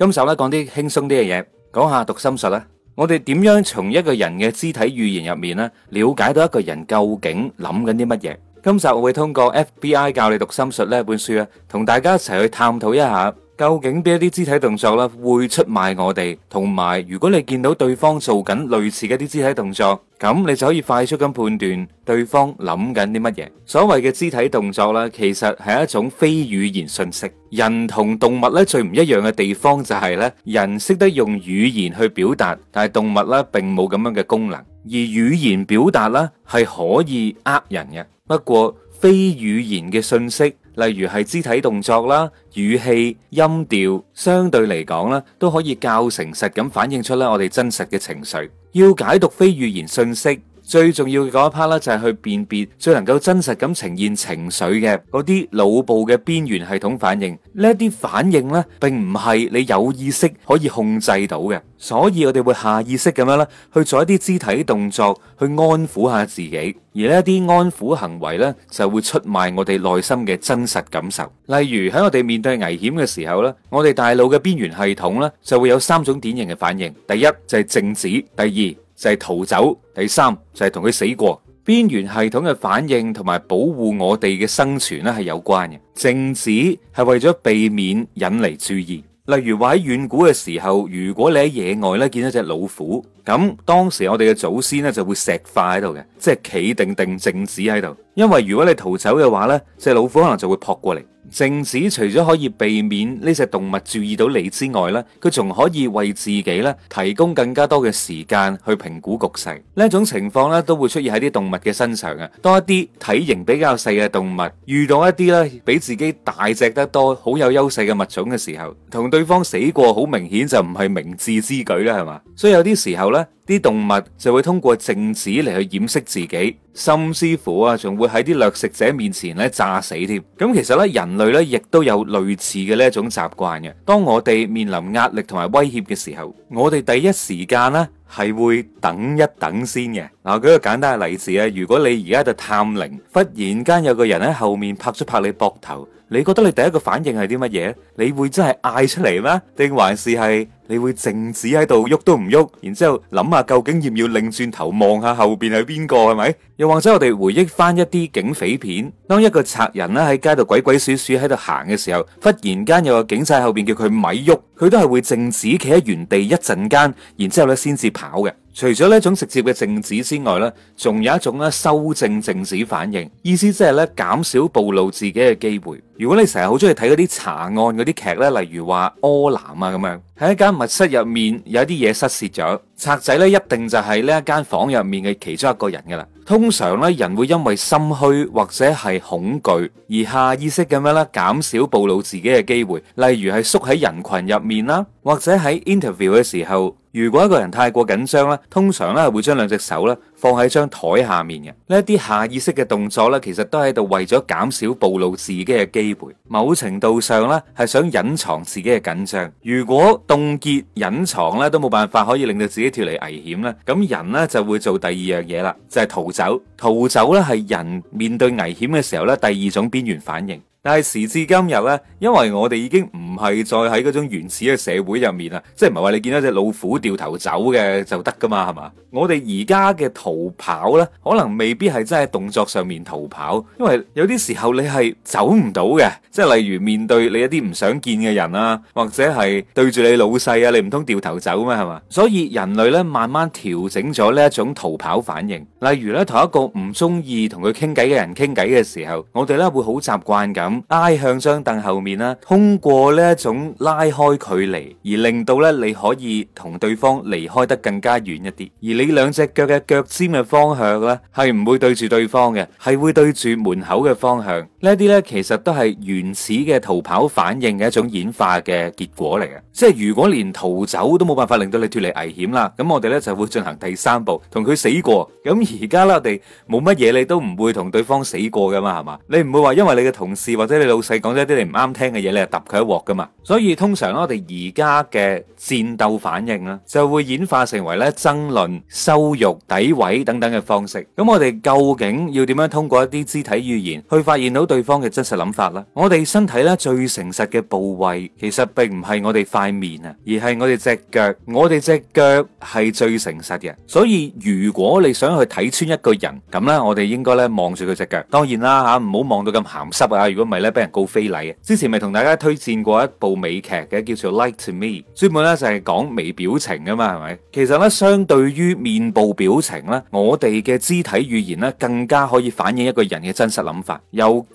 今集咧講啲輕鬆啲嘅嘢，講下讀心術啦。我哋點樣從一個人嘅肢體語言入面咧，了解到一個人究竟諗緊啲乜嘢？今集我會通過 FBI 教你讀心術呢本書啦，同大家一齊去探討一下。究竟邊一啲肢體動作咧，會出賣我哋，同埋如果你見到對方做緊類似嘅啲肢體動作，咁你就可以快速咁判斷對方諗緊啲乜嘢。所謂嘅肢體動作咧，其實係一種非語言訊息。人同動物咧最唔一樣嘅地方就係咧，人識得用語言去表達，但係動物咧並冇咁樣嘅功能。而語言表達咧係可以呃人嘅，不過非語言嘅訊息。例如係肢體動作啦、語氣、音調，相對嚟講咧，都可以較誠實咁反映出咧我哋真實嘅情緒。要解讀非語言信息。最重要嘅嗰一 part 咧，就係去辨別最能夠真實咁呈現情緒嘅嗰啲腦部嘅邊緣系統反應。呢一啲反應咧，並唔係你有意識可以控制到嘅，所以我哋會下意識咁樣啦，去做一啲肢體動作去安撫下自己。而呢一啲安撫行為咧，就會出賣我哋內心嘅真實感受。例如喺我哋面對危險嘅時候咧，我哋大腦嘅邊緣系統咧，就會有三種典型嘅反應：第一就係靜止，第二。就係逃走，第三就係同佢死過。邊緣系統嘅反應同埋保護我哋嘅生存咧係有關嘅，靜止係為咗避免引嚟注意。例如話喺遠古嘅時候，如果你喺野外咧見到隻老虎，咁當時我哋嘅祖先咧就會石化喺度嘅，即係企定定靜止喺度，因為如果你逃走嘅話咧，隻老虎可能就會撲過嚟。靜止除咗可以避免呢隻動物注意到你之外呢，佢仲可以為自己咧提供更加多嘅時間去評估局勢。呢一種情況咧都會出現喺啲動物嘅身上嘅。當一啲體型比較細嘅動物遇到一啲咧比自己大隻得多、好有優勢嘅物種嘅時候，同對方死過好明顯就唔係明智之舉啦，係嘛？所以有啲時候咧。啲動物就會通過靜止嚟去掩飾自己，甚至乎啊，仲會喺啲掠食者面前咧詐死添。咁其實咧，人類咧亦都有類似嘅呢一種習慣嘅。當我哋面臨壓力同埋威脅嘅時候，我哋第一時間呢。係會等一等先嘅。嗱，舉個簡單嘅例子啊，如果你而家喺度探靈，忽然間有個人喺後面拍咗拍你膊頭，你覺得你第一個反應係啲乜嘢？你會真係嗌出嚟咩？定還是係你會靜止喺度，喐都唔喐？然之後諗下究竟要唔要擰轉頭望下後邊係邊個？係咪？又或者我哋回憶翻一啲警匪片，當一個賊人咧喺街度鬼鬼祟祟喺度行嘅時候，忽然間有個警察後邊叫佢咪喐。佢都係會靜止企喺原地一陣間，然之後咧先至跑嘅。除咗呢一種直接嘅靜止之外呢，仲有一種咧，修正靜止反應，意思即係咧減少暴露自己嘅機會。如果你成日好中意睇嗰啲查案嗰啲劇咧，例如話柯南啊咁樣，喺一間密室入面有啲嘢失竊咗，賊仔咧一定就係呢一間房入面嘅其中一個人噶啦。通常呢，人會因為心虛或者係恐懼而下意識咁樣咧減少暴露自己嘅機會，例如係縮喺人群入面啦，或者喺 interview 嘅時候。如果一個人太過緊張咧，通常咧會將兩隻手咧放喺張檯下面嘅，呢一啲下意識嘅動作咧，其實都喺度為咗減少暴露自己嘅機會，某程度上咧係想隱藏自己嘅緊張。如果凍結隱藏咧都冇辦法可以令到自己脫離危險咧，咁人咧就會做第二樣嘢啦，就係逃走。逃走咧係人面對危險嘅時候咧第二種邊緣反應。但係時至今日咧，因為我哋已經唔係再喺嗰種原始嘅社會入面啦，即係唔係話你見到隻老虎掉頭走嘅就得噶嘛，係嘛？我哋而家嘅逃跑咧，可能未必係真係動作上面逃跑，因為有啲時候你係走唔到嘅，即係例如面對你一啲唔想見嘅人啊，或者係對住你老細啊，你唔通掉頭走咩？係嘛？所以人類咧慢慢調整咗呢一種逃跑反應，例如咧同一個唔中意同佢傾偈嘅人傾偈嘅時候，我哋咧會好習慣㗎。咁挨向張凳後面啦，通過呢一種拉開距離，而令到咧你可以同對方離開得更加遠一啲，而你兩隻腳嘅腳尖嘅方向咧係唔會對住對方嘅，係會對住門口嘅方向。呢一啲咧，其實都係原始嘅逃跑反應嘅一種演化嘅結果嚟嘅。即係如果連逃走都冇辦法令到你脫離危險啦，咁我哋咧就會進行第三步，同佢死過。咁而家咧我哋冇乜嘢，你都唔會同對方死過噶嘛，係嘛？你唔會話因為你嘅同事或者你老細講咗一啲你唔啱聽嘅嘢，你就揼佢一鑊噶嘛。所以通常我哋而家嘅戰鬥反應咧，就會演化成為咧爭論、羞辱、詆毀等等嘅方式。咁、嗯、我哋究竟要點樣通過一啲肢體語言去發現到對方嘅真實諗法啦，我哋身體咧最誠實嘅部位，其實並唔係我哋塊面啊，而係我哋隻腳。我哋隻腳係最誠實嘅，所以如果你想去睇穿一個人，咁咧我哋應該咧望住佢隻腳。當然啦吓，唔好望到咁咸濕啊！如果唔係咧，俾人告非禮。之前咪同大家推薦過一部美劇嘅，叫做《Like to Me》，專門咧就係講微表情噶嘛，係咪？其實咧，相對於面部表情咧，我哋嘅肢體語言咧，更加可以反映一個人嘅真實諗法，又。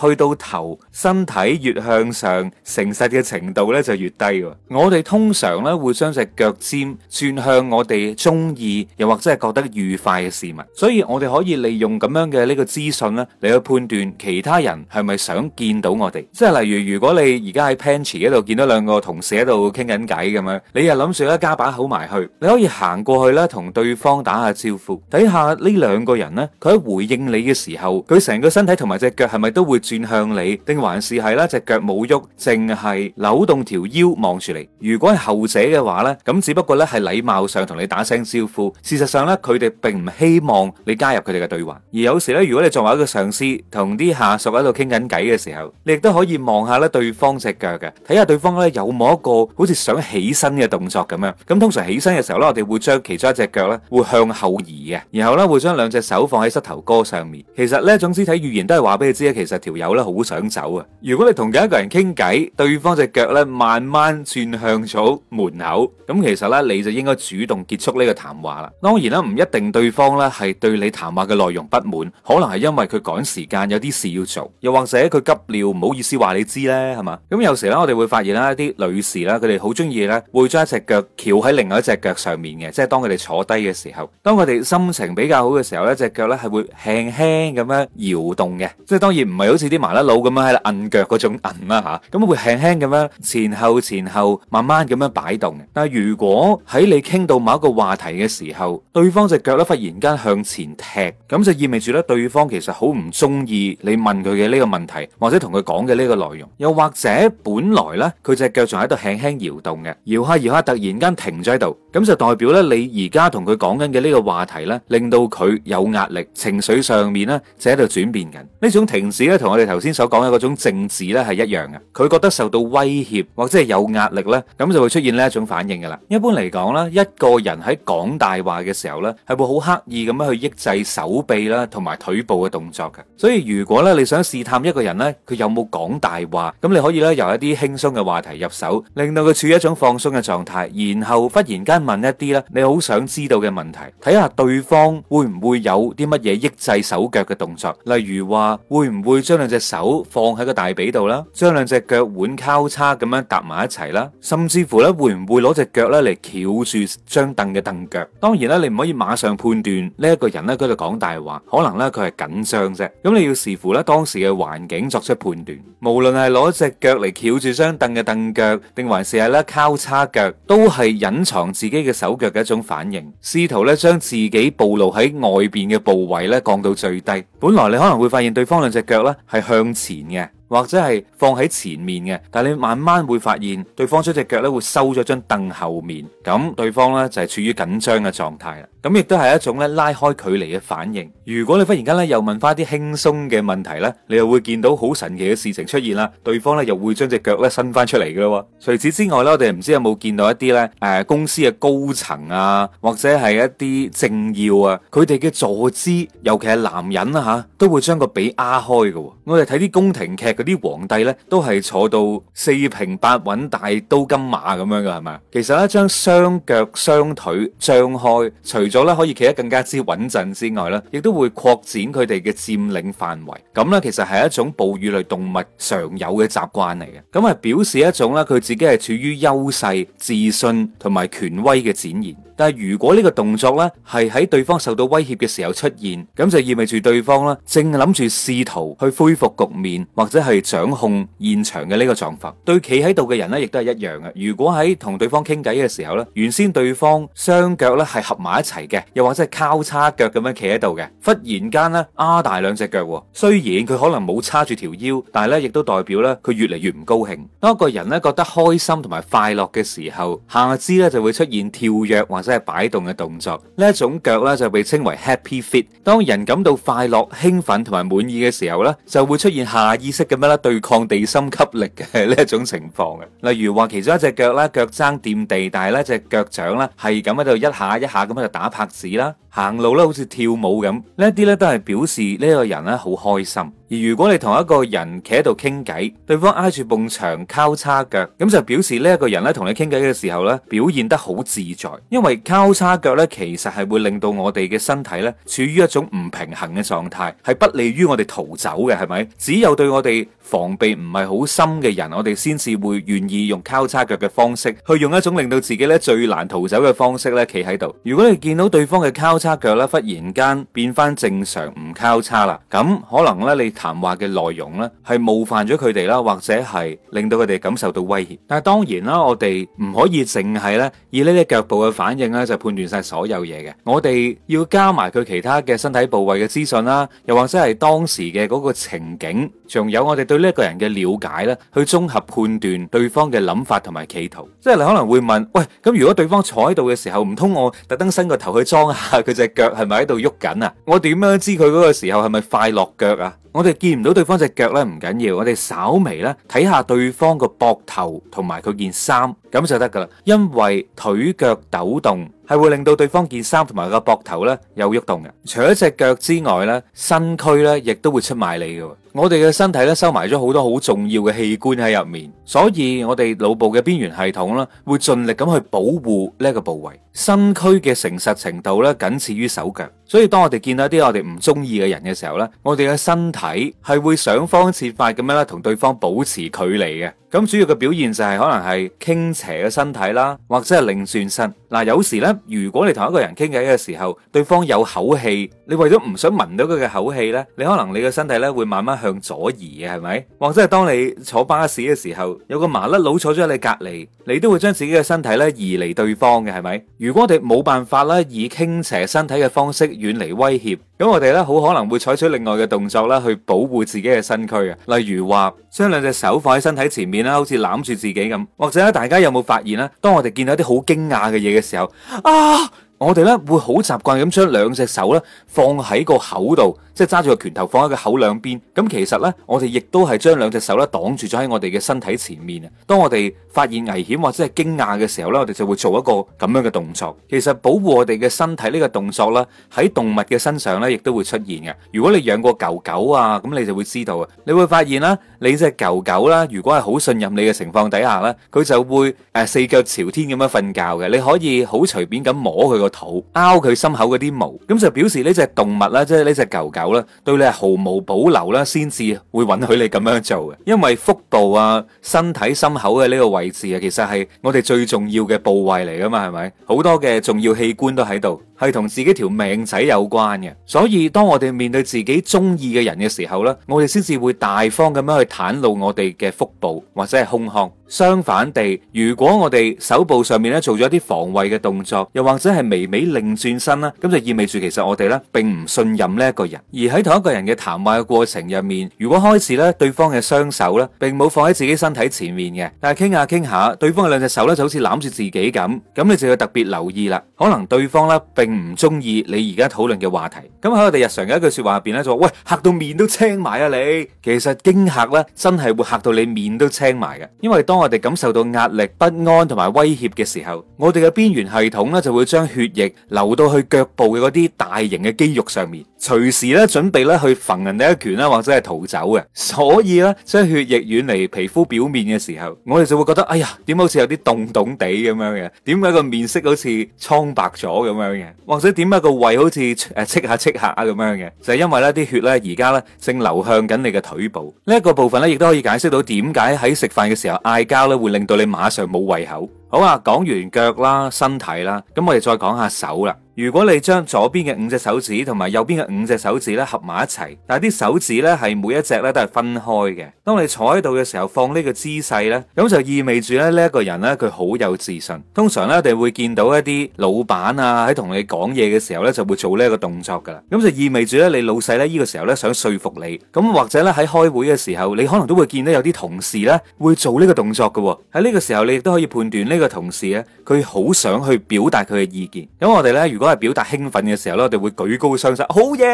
去到頭，身體越向上，誠實嘅程度咧就越低。我哋通常咧會將隻腳尖轉向我哋中意又或者係覺得愉快嘅事物，所以我哋可以利用咁樣嘅呢個資訊咧嚟去判斷其他人係咪想見到我哋。即係例如，如果你而家喺 Pantry 嗰度見到兩個同事喺度傾緊偈咁樣，你又諗住一加把口埋去，你可以行過去咧同對方打下招呼。睇下呢兩個人咧，佢喺回應你嘅時候，佢成個身體同埋隻腳係咪都會轉向你，定還是係咧隻腳冇喐，淨係扭動條腰望住你。如果係後者嘅話呢，咁只不過呢係禮貌上同你打聲招呼。事實上呢，佢哋並唔希望你加入佢哋嘅對話。而有時呢，如果你作為一個上司同啲下屬喺度傾緊偈嘅時候，你亦都可以望下呢對方隻腳嘅，睇下對方呢有冇一個好似想起身嘅動作咁樣。咁通常起身嘅時候呢，我哋會將其中一隻腳呢會向後移嘅，然後呢會將兩隻手放喺膝頭哥上面。其實呢一種肢體語言都係話俾你知咧，其實條。有咧，好想走啊！如果你同嘅一個人傾偈，對方隻腳咧慢慢轉向咗門口，咁其實咧你就應該主動結束呢個談話啦。當然啦，唔一定對方咧係對你談話嘅內容不滿，可能係因為佢趕時間有啲事要做，又或者佢急尿唔好意思話你知咧，係嘛？咁有時咧，我哋會發現啦，一啲女士啦，佢哋好中意咧會將一隻腳翹喺另外一隻腳上面嘅，即係當佢哋坐低嘅時候，當佢哋心情比較好嘅時候咧，隻腳咧係會輕輕咁樣搖動嘅，即係當然唔係好。似啲麻甩佬咁樣喺度摁腳嗰種摁啦吓，咁、啊、會輕輕咁樣前後前後慢慢咁樣擺動。但係如果喺你傾到某一個話題嘅時候，對方隻腳咧忽然間向前踢，咁就意味住咧對方其實好唔中意你問佢嘅呢個問題，或者同佢講嘅呢個內容。又或者本來咧佢隻腳仲喺度輕輕搖動嘅，搖下搖下突然間停咗喺度，咁就代表咧你而家同佢講緊嘅呢個話題咧，令到佢有壓力，情緒上面咧就喺度轉變緊。呢種停止咧同我哋頭先所講嘅嗰種政治咧係一樣嘅，佢覺得受到威脅或者係有壓力咧，咁就會出現呢一種反應噶啦。一般嚟講咧，一個人喺講大話嘅時候咧，係會好刻意咁樣去抑制手臂啦同埋腿部嘅動作嘅。所以如果咧你想試探一個人咧，佢有冇講大話，咁你可以咧由一啲輕鬆嘅話題入手，令到佢處於一種放鬆嘅狀態，然後忽然間問一啲咧你好想知道嘅問題，睇下對方會唔會有啲乜嘢抑制手腳嘅動作，例如話會唔會將兩隻手放喺個大髀度啦，將兩隻腳腕交叉咁樣搭埋一齊啦，甚至乎咧會唔會攞隻腳咧嚟翹住張凳嘅凳腳？當然啦，你唔可以馬上判斷呢一個人咧喺度講大話，可能咧佢係緊張啫。咁你要視乎咧當時嘅環境作出判斷。無論係攞隻腳嚟翹住張凳嘅凳腳，定還是係咧交叉腳，都係隱藏自己嘅手腳嘅一種反應。試圖咧將自己暴露喺外邊嘅部位咧降到最低。本來你可能會發現對方兩隻腳咧。係向前嘅。或者係放喺前面嘅，但係你慢慢會發現，對方將隻腳咧會收咗張凳後面，咁對方咧就係處於緊張嘅狀態啦。咁亦都係一種咧拉開距離嘅反應。如果你忽然間咧又問翻一啲輕鬆嘅問題咧，你又會見到好神奇嘅事情出現啦。對方咧又會將隻腳咧伸翻出嚟噶喎。除此之外咧，我哋唔知有冇見到一啲咧，誒公司嘅高層啊，或者係一啲政要啊，佢哋嘅坐姿，尤其係男人啊吓，都會將個髀壓開嘅。我哋睇啲宮廷劇。嗰啲皇帝咧，都係坐到四平八穩、大刀金馬咁樣噶，係咪啊？其實咧，將雙腳雙腿張開，除咗咧可以企得更加之穩陣之外咧，亦都會擴展佢哋嘅佔領範圍。咁咧，其實係一種哺乳類動物常有嘅習慣嚟嘅。咁係表示一種咧，佢自己係處於優勢、自信同埋權威嘅展現。但係如果呢個動作咧係喺對方受到威脅嘅時候出現，咁就意味住對方咧正諗住試圖去恢復局面，或者係掌控現場嘅呢個狀況。對企喺度嘅人咧，亦都係一樣嘅。如果喺同對方傾偈嘅時候咧，原先對方雙腳咧係合埋一齊嘅，又或者係交叉腳咁樣企喺度嘅，忽然間咧擘大兩隻腳喎。雖然佢可能冇叉住條腰，但係咧亦都代表咧佢越嚟越唔高興。當一個人咧覺得開心同埋快樂嘅時候，下肢咧就會出現跳躍或者。即係擺動嘅動作，呢一種腳咧就被稱為 Happy Feet。當人感到快樂、興奮同埋滿意嘅時候呢，就會出現下意識咁樣啦對抗地心吸力嘅呢一種情況嘅。例如話，其中一隻腳咧腳踭掂地，但係咧隻腳掌咧係咁喺度一下一下咁喺度打拍子啦，行路咧好似跳舞咁，呢一啲咧都係表示呢一個人咧好開心。而如果你同一個人企喺度傾偈，對方挨住埲牆交叉腳，咁就表示呢一個人咧同你傾偈嘅時候咧，表現得好自在。因為交叉腳咧，其實係會令到我哋嘅身體咧處於一種唔平衡嘅狀態，係不利於我哋逃走嘅，係咪？只有對我哋防備唔係好深嘅人，我哋先至會願意用交叉腳嘅方式，去用一種令到自己咧最難逃走嘅方式咧企喺度。如果你見到對方嘅交叉腳咧，忽然間變翻正常唔交叉啦，咁可能咧你談話嘅內容咧，係冒犯咗佢哋啦，或者係令到佢哋感受到威脅。但係當然啦，我哋唔可以淨係咧以呢啲腳步嘅反應咧，就判斷晒所有嘢嘅。我哋要加埋佢其他嘅身體部位嘅資訊啦，又或者係當時嘅嗰個情景，仲有我哋對呢一個人嘅了解咧，去綜合判斷對方嘅諗法同埋企圖。即係你可能會問：「喂，咁如果對方坐喺度嘅時候，唔通我特登伸個頭去裝下佢隻腳係咪喺度喐緊啊？我點樣知佢嗰個時候係咪快樂腳啊？我我見唔到對方隻腳咧，唔緊要，我哋稍微咧睇下對方個膊頭同埋佢件衫咁就得噶啦，因為腿腳抖動。係會令到對方件衫同埋個膊頭咧有喐動嘅。除咗隻腳之外咧，身軀咧亦都會出賣你嘅。我哋嘅身體咧收埋咗好多好重要嘅器官喺入面，所以我哋腦部嘅邊緣系統啦，會盡力咁去保護呢一個部位。身軀嘅誠實程度咧，僅次於手腳。所以當我哋見到一啲我哋唔中意嘅人嘅時候咧，我哋嘅身體係會想方設法咁樣咧，同對方保持距離嘅。咁主要嘅表現就係可能係傾斜嘅身體啦，或者係擰轉身。嗱、啊，有時呢，如果你同一個人傾偈嘅時候，對方有口氣，你爲咗唔想聞到佢嘅口氣呢，你可能你嘅身體呢會慢慢向左移嘅，係咪？或者係當你坐巴士嘅時候，有個麻甩佬坐咗喺你隔籬，你都會將自己嘅身體呢移離對方嘅，係咪？如果我哋冇辦法咧以傾斜身體嘅方式遠離威脅。咁我哋呢，好可能會採取另外嘅動作啦，去保護自己嘅身軀啊。例如話，將兩隻手放喺身體前面啦，好似攬住自己咁。或者大家有冇發現呢？當我哋見到啲好驚訝嘅嘢嘅時候，啊！我哋呢會好習慣咁將兩隻手呢放喺個口度，即係揸住個拳頭放喺個口兩邊。咁其實呢，我哋亦都係將兩隻手呢擋住咗喺我哋嘅身體前面啊。當我哋發現危險或者係驚訝嘅時候呢，我哋就會做一個咁樣嘅動作。其實保護我哋嘅身體呢個動作呢，喺動物嘅身上呢亦都會出現嘅。如果你養過狗狗啊，咁你就會知道啊，你會發現啦。你隻狗狗啦，如果係好信任你嘅情況底下呢，佢就會誒、呃、四腳朝天咁樣瞓覺嘅。你可以好隨便咁摸佢個肚，撓佢心口嗰啲毛，咁就表示呢隻動物啦，即係呢隻狗狗啦，對你係毫無保留啦，先至會允許你咁樣做嘅。因為腹部啊，身體心口嘅呢個位置啊，其實係我哋最重要嘅部位嚟㗎嘛，係咪？好多嘅重要器官都喺度。係同自己條命仔有關嘅，所以當我哋面對自己中意嘅人嘅時候咧，我哋先至會大方咁樣去袒露我哋嘅腹部或者係胸腔。相反地，如果我哋手部上面咧做咗一啲防衞嘅動作，又或者係微微擰轉身啦，咁就意味住其實我哋咧並唔信任呢一個人。而喺同一個人嘅談話嘅過程入面，如果開始咧對方嘅雙手咧並冇放喺自己身體前面嘅，但係傾下傾下，對方嘅兩隻手咧就好似攬住自己咁，咁你就要特別留意啦。可能對方咧並唔中意你而家討論嘅話題。咁喺我哋日常嘅一句説話入邊咧就話：「喂，嚇到面都青埋啊你！」其實驚嚇咧真係會嚇到你面都青埋嘅，因為當當我哋感受到壓力、不安同埋威脅嘅時候，我哋嘅邊緣系統咧就會將血液流到去腳部嘅嗰啲大型嘅肌肉上面，隨時咧準備咧去焚人哋一拳啦，或者係逃走嘅。所以咧將血液遠離皮膚表面嘅時候，我哋就會覺得哎呀，點好似有啲凍凍地咁樣嘅？點解個面色好似蒼白咗咁樣嘅？或者點解個胃好似誒戚下戚下咁樣嘅？就係因為咧啲血咧而家咧正流向緊你嘅腿部呢一個部分咧，亦都可以解釋到點解喺食飯嘅時候嗌交咧會令到你馬上冇胃口。好啊，講完腳啦、身體啦，咁我哋再講下手啦。如果你將左邊嘅五隻手指同埋右邊嘅五隻手指咧合埋一齊，但係啲手指咧係每一隻咧都係分開嘅。當你坐喺度嘅時候，放呢個姿勢咧，咁就意味住咧呢一個人咧佢好有自信。通常咧我哋會見到一啲老闆啊喺同你講嘢嘅時候咧就會做呢一個動作㗎啦。咁就意味住咧你老細咧呢個時候咧想說服你，咁或者咧喺開會嘅時候，你可能都會見到有啲同事咧會做呢個動作㗎喎。喺呢個時候你亦都可以判斷呢個同事咧佢好想去表達佢嘅意見。咁我哋咧如果都係表達興奮嘅時候咯，我哋會舉高雙手，好嘢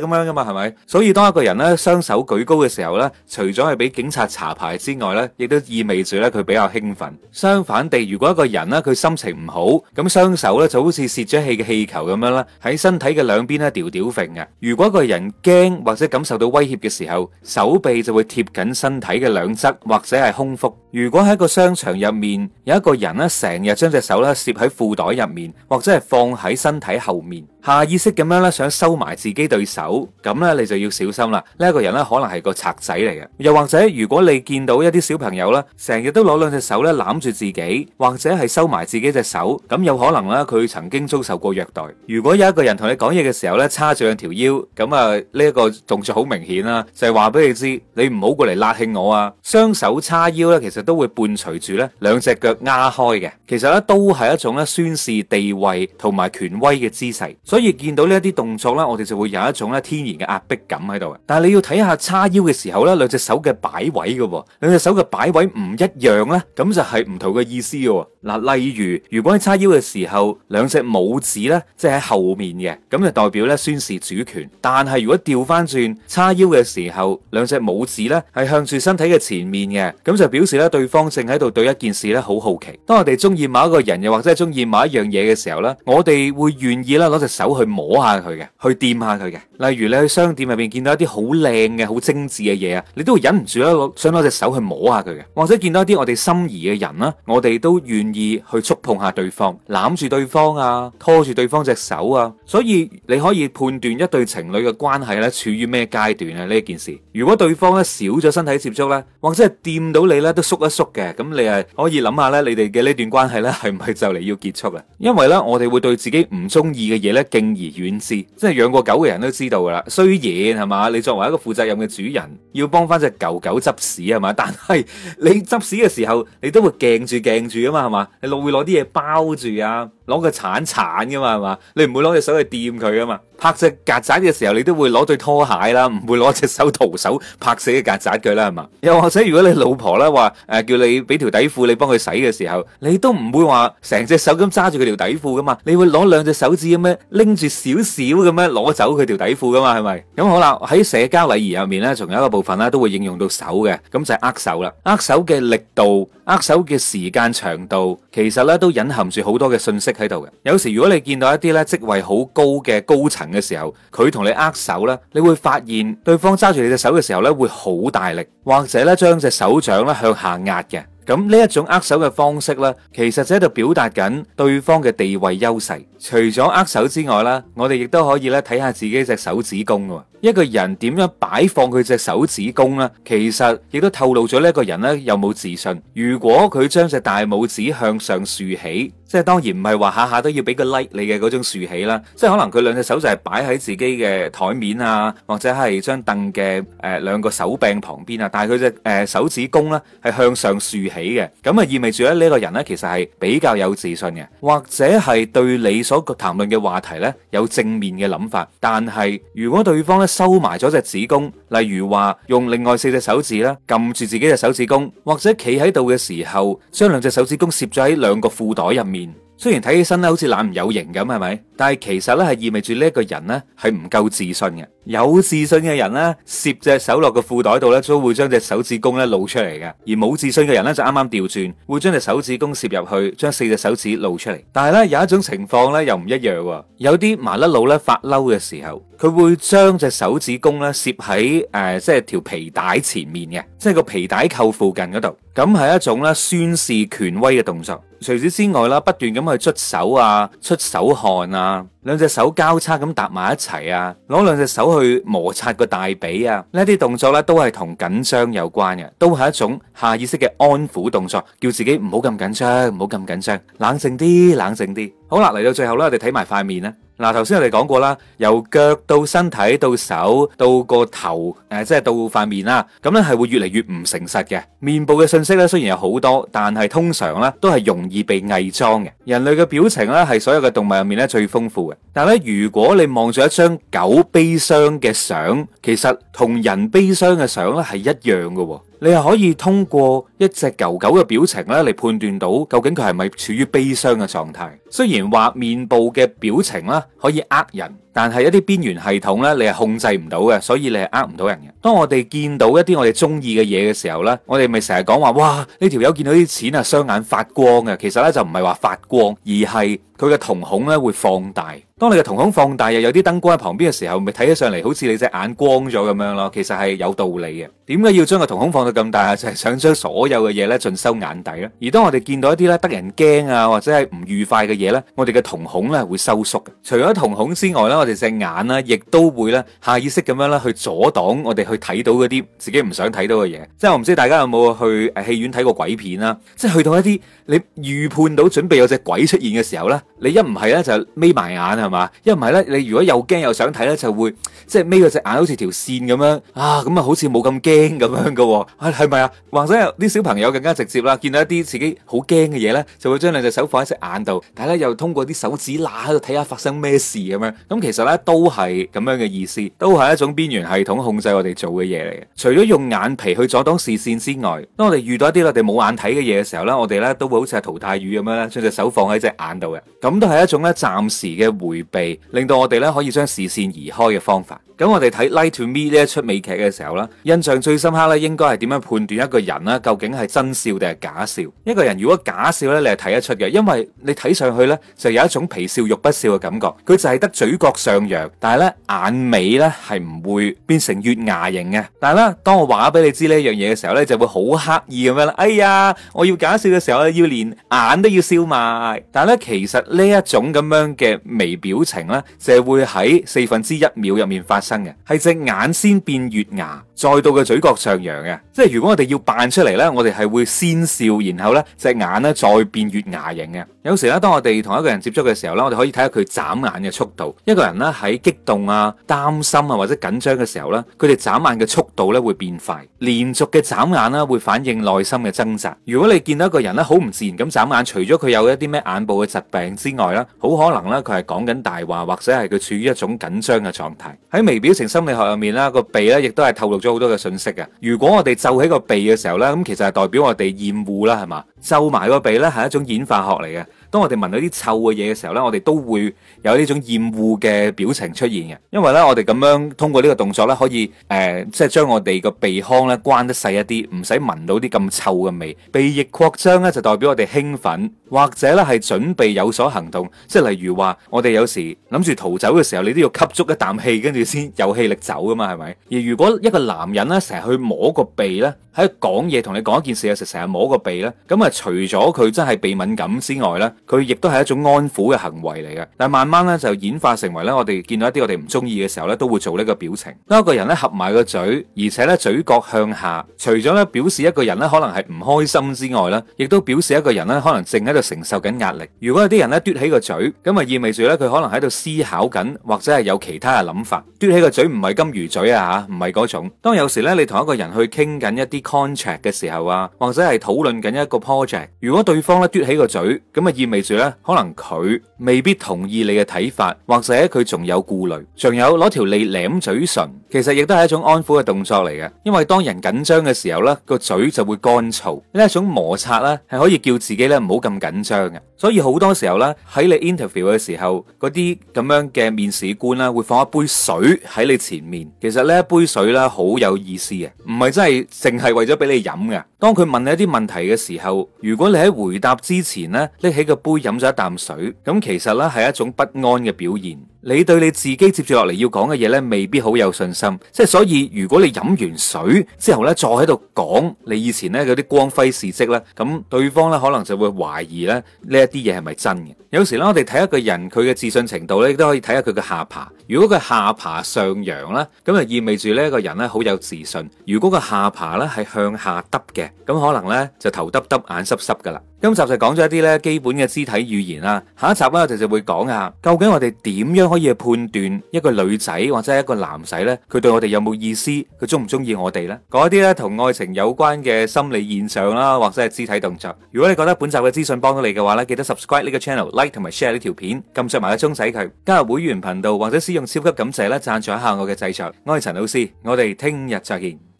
咁樣噶嘛，係咪？所以當一個人咧雙手舉高嘅時候咧，除咗係俾警察查牌之外咧，亦都意味住咧佢比較興奮。相反地，如果一個人咧佢心情唔好，咁雙手咧就好似泄咗氣嘅氣球咁樣啦，喺身體嘅兩邊咧吊吊揈嘅。如果一個人驚或者感受到威脅嘅時候，手臂就會貼緊身體嘅兩側或者係胸腹。如果喺個商場入面有一個人咧成日將隻手咧攝喺褲袋入面，或者係放喺身。睇後面，下意識咁樣咧想收埋自己對手，咁咧你就要小心啦。呢一個人咧可能係個賊仔嚟嘅，又或者如果你見到一啲小朋友咧，成日都攞兩隻手咧攬住自己，或者係收埋自己隻手，咁有可能咧佢曾經遭受過虐待。如果有一個人同你講嘢嘅時候咧，叉住兩條腰，咁啊呢一個動作好明顯啦，就係話俾你知你唔好過嚟拉興我啊！雙手叉腰咧，其實都會伴隨住咧兩隻腳壓開嘅，其實咧都係一種咧宣示地位同埋權威。嘅姿勢，所以見到呢一啲動作咧，我哋就會有一種咧天然嘅壓迫感喺度。但係你要睇下叉腰嘅時候咧，兩隻手嘅擺位噶，兩隻手嘅擺位唔一樣咧，咁就係唔同嘅意思噶。嗱，例如如果喺叉腰嘅時候，兩隻拇指咧即係喺後面嘅，咁就代表咧宣示主權。但係如果調翻轉叉腰嘅時候，兩隻拇指咧係向住身體嘅前面嘅，咁就表示咧對方正喺度對一件事咧好好奇。當我哋中意某一個人又或者係中意某一樣嘢嘅時候咧，我哋會。願意啦，攞隻手去摸下佢嘅，去掂下佢嘅。例如你去商店入面見到一啲好靚嘅、好精緻嘅嘢啊，你都忍唔住咧想攞隻手去摸下佢嘅。或者見到一啲我哋心儀嘅人啦，我哋都願意去觸碰下對方，攬住對方啊，拖住對方隻手啊。所以你可以判斷一對情侶嘅關係咧，處於咩階段啊？呢件事，如果對方咧少咗身體接觸咧，或者係掂到你咧都縮一縮嘅，咁你係可以諗下咧，你哋嘅呢段關係咧係唔係就嚟要結束啦？因為咧，我哋會對自己唔。唔中意嘅嘢呢，敬而遠之，即係養過狗嘅人都知道噶啦。雖然係嘛，你作為一個負責任嘅主人，要幫返隻狗狗執屎係嘛，但係你執屎嘅時候，你都會鏡住鏡住啊嘛，係嘛，你會攞啲嘢包住啊。攞個鏟鏟噶嘛，係嘛？你唔會攞隻手去掂佢噶嘛？拍隻曱甴嘅時候，你都會攞對拖鞋啦，唔會攞隻手徒手拍死隻曱甴佢啦，係嘛？又或者如果你老婆咧話，誒、呃、叫你俾條底褲你幫佢洗嘅時候，你都唔會話成隻手咁揸住佢條底褲噶嘛？你會攞兩隻手指咁樣拎住少少咁樣攞走佢條底褲噶嘛？係咪？咁好啦，喺社交禮儀入面咧，仲有一個部分咧都會應用到手嘅，咁就係握手啦。握手嘅力度、握手嘅時間長度，其實咧都隱含住好多嘅信息。喺度嘅，有時如果你見到一啲咧職位好高嘅高層嘅時候，佢同你握手咧，你會發現對方揸住你隻手嘅時候咧，會好大力，或者咧將隻手掌咧向下壓嘅。咁呢一種握手嘅方式咧，其實就喺度表達緊對方嘅地位優勢。除咗握手之外啦，我哋亦都可以咧睇下自己隻手指公。一個人點樣擺放佢隻手指公呢？其實亦都透露咗呢個人呢有冇自信。如果佢將隻大拇指向上豎起，即係當然唔係話下下都要俾個 like 你嘅嗰種豎起啦，即係可能佢兩隻手就係擺喺自己嘅台面啊，或者係張凳嘅誒兩個手柄旁邊啊，但係佢隻誒手指公呢係向上豎起嘅，咁啊意味住咧呢個人呢其實係比較有自信嘅，或者係對你所談論嘅話題呢有正面嘅諗法。但係如果對方呢，收埋咗隻指公，例如話用另外四隻手指啦，撳住自己隻手指公，或者企喺度嘅時候，將兩隻手指公攝咗喺兩個褲袋入面。雖然睇起身咧好似懶唔有型咁，係咪？但係其實咧係意味住呢一個人咧係唔夠自信嘅。有自信嘅人咧，攝隻手落個褲袋度咧，都會將隻手指公咧露出嚟嘅。而冇自信嘅人咧，就啱啱調轉，會將隻手指公攝入去，將四隻手指露出嚟。但係咧有一種情況咧又唔一樣，有啲麻甩佬咧發嬲嘅時候，佢會將隻手指公咧攝喺誒，即係條皮帶前面嘅，即係個皮帶扣附近嗰度。咁係一種咧宣示權威嘅動作。除此之外啦，不斷咁去出手啊、出手汗啊、兩隻手交叉咁搭埋一齊啊、攞兩隻手去摩擦個大髀啊，呢啲動作咧都係同緊張有關嘅，都係一種下意識嘅安撫動作，叫自己唔好咁緊張，唔好咁緊張，冷靜啲，冷靜啲。好啦，嚟到最後啦，我哋睇埋塊面啦。嗱，頭先我哋講過啦，由腳到身體到手到個頭誒、呃，即係到塊面啦，咁咧係會越嚟越唔誠實嘅。面部嘅信息咧，雖然有好多，但係通常咧都係容易被偽裝嘅。人類嘅表情咧，係所有嘅動物入面咧最豐富嘅。但係咧，如果你望住一張狗悲傷嘅相，其實同人悲傷嘅相咧係一樣嘅。你係可以通過一隻狗狗嘅表情咧嚟判斷到究竟佢係咪處於悲傷嘅狀態。雖然話面部嘅表情啦，可以呃人。但係一啲邊緣系統咧，你係控制唔到嘅，所以你係呃唔到人嘅。當我哋見到一啲我哋中意嘅嘢嘅時候咧，我哋咪成日講話，哇，呢條友見到啲錢啊，雙眼發光嘅，其實咧就唔係話發光，而係佢嘅瞳孔咧會放大。當你嘅瞳孔放大，又有啲燈光喺旁邊嘅時候，咪睇起上嚟好似你隻眼光咗咁樣咯。其實係有道理嘅。點解要將個瞳孔放到咁大啊？就係想將所有嘅嘢咧盡收眼底咧。而當我哋見到一啲咧得人驚啊或者係唔愉快嘅嘢咧，我哋嘅瞳孔咧係會收縮嘅。除咗瞳孔之外啦。我哋隻眼啦，亦都會咧下意識咁樣咧去阻擋我哋去睇到嗰啲自己唔想睇到嘅嘢。即係我唔知大家有冇去戲院睇過鬼片啦？即係去到一啲你預判到準備有隻鬼出現嘅時候咧，你一唔係咧就眯埋眼係嘛？一唔係咧你如果又驚又想睇咧，就會即係眯咗隻眼好似條線咁樣啊！咁啊好似冇咁驚咁樣噶喎？係咪啊？或者有啲小朋友更加直接啦，見到一啲自己好驚嘅嘢咧，就會將兩隻手放喺隻眼度，但係咧又通過啲手指罅喺度睇下發生咩事咁樣。咁其其實咧都係咁樣嘅意思，都係一種邊緣系統控制我哋做嘅嘢嚟嘅。除咗用眼皮去阻擋視線之外，當我哋遇到一啲我哋冇眼睇嘅嘢嘅時候咧，我哋咧都會好似係淘汰魚咁樣咧，將隻手放喺隻眼度嘅。咁都係一種咧暫時嘅回避，令到我哋咧可以將視線移開嘅方法。咁我哋睇《Lie to Me》呢一出美劇嘅時候啦，印象最深刻咧，應該係點樣判斷一個人咧究竟係真笑定係假笑？一個人如果假笑咧，你係睇得出嘅，因為你睇上去咧就有一種皮笑肉不笑嘅感覺，佢就係得嘴角。上揚，但係咧眼尾咧係唔會變成月牙形嘅。但係咧，當我話俾你知呢一樣嘢嘅時候咧，就會好刻意咁樣啦。哎呀，我要搞笑嘅時候，要連眼都要笑埋。但係咧，其實呢一種咁樣嘅微表情咧，就係會喺四分之一秒入面發生嘅，係隻眼先變月牙。再到嘅嘴角上揚嘅，即係如果我哋要扮出嚟咧，我哋係會先笑，然後咧隻眼咧再變月牙形嘅。有時咧，當我哋同一個人接觸嘅時候啦，我哋可以睇下佢眨眼嘅速度。一個人咧喺激動啊、擔心啊或者緊張嘅時候咧，佢哋眨眼嘅速度咧會變快。連續嘅眨眼啦、啊，會反映內心嘅掙扎。如果你見到一個人咧好唔自然咁眨眼，除咗佢有一啲咩眼部嘅疾病之外啦，好可能咧佢係講緊大話，或者係佢處於一種緊張嘅狀態。喺微表情心理學入面啦，個鼻咧亦都係透露咗好多嘅信息啊，如果我哋皺起個鼻嘅時候咧，咁其實係代表我哋厭惡啦，係嘛？皺埋個鼻咧，係一種演化學嚟嘅。當我哋聞到啲臭嘅嘢嘅時候咧，我哋都會有呢種厭惡嘅表情出現嘅。因為咧，我哋咁樣通過呢個動作咧，可以誒，即係將我哋個鼻腔咧關得細一啲，唔使聞到啲咁臭嘅味。鼻翼擴張咧，就代表我哋興奮，或者咧係準備有所行動。即係例如話，我哋有時諗住逃走嘅時候，你都要吸足一啖氣，跟住先有氣力走㗎嘛，係咪？而如果一個男人咧成日去摸個鼻咧，喺度講嘢同你講一件事嘅時候，成日摸個鼻咧，咁啊，除咗佢真係鼻敏感之外咧，佢亦都係一種安撫嘅行為嚟嘅，但慢慢咧就演化成為咧我哋見到一啲我哋唔中意嘅時候咧都會做呢個表情。當一個人咧合埋個嘴，而且咧嘴角向下，除咗咧表示一個人咧可能係唔開心之外咧，亦都表示一個人咧可能正喺度承受緊壓力。如果有啲人咧嘟起個嘴，咁啊意味住咧佢可能喺度思考緊，或者係有其他嘅諗法。嘟起個嘴唔係金魚嘴啊，吓，唔係嗰種。當有時咧你同一個人去傾緊一啲 contract 嘅時候啊，或者係討論緊一個 project，如果對方咧嘟起個嘴，咁啊意味咪住咧，可能佢未必同意你嘅睇法，或者佢仲有顧慮。仲有攞條脷舐嘴唇，其實亦都係一種安撫嘅動作嚟嘅。因為當人緊張嘅時候咧，個嘴就會乾燥，呢一種摩擦咧，係可以叫自己咧唔好咁緊張嘅。所以好多時候咧，喺你 interview 嘅時候，嗰啲咁樣嘅面試官啦，會放一杯水喺你前面。其實呢一杯水咧好有意思嘅，唔係真係淨係為咗俾你飲嘅。當佢問你一啲問題嘅時候，如果你喺回答之前咧拎起個杯飲咗一啖水，咁其實咧係一種不安嘅表現。你對你自己接住落嚟要講嘅嘢呢，未必好有信心，即係所以如果你飲完水之後呢，再喺度講你以前呢嗰啲光輝事蹟呢，咁對方呢可能就會懷疑呢呢一啲嘢係咪真嘅。有時呢，我哋睇一個人佢嘅自信程度呢，亦都可以睇下佢嘅下巴。如果佢下巴上揚呢，咁就意味住呢一個人呢好有自信。如果個下巴呢係向下耷嘅，咁可能呢就頭耷耷眼濕濕㗎啦。今集就講咗一啲呢基本嘅肢體語言啦。下一集呢，我哋就會講下究竟我哋點樣，可以判斷一個女仔或者係一個男仔咧，佢對我哋有冇意思，佢中唔中意我哋咧？嗰啲咧同愛情有關嘅心理現象啦，或者係肢體動作。如果你覺得本集嘅資訊幫到你嘅話咧，記得 subscribe 呢個 channel，like 同埋 share 呢條片，撳上埋個鐘仔佢，加入會員頻道或者使用超級感謝咧，贊助一下我嘅製作。我係陳老師，我哋聽日再見。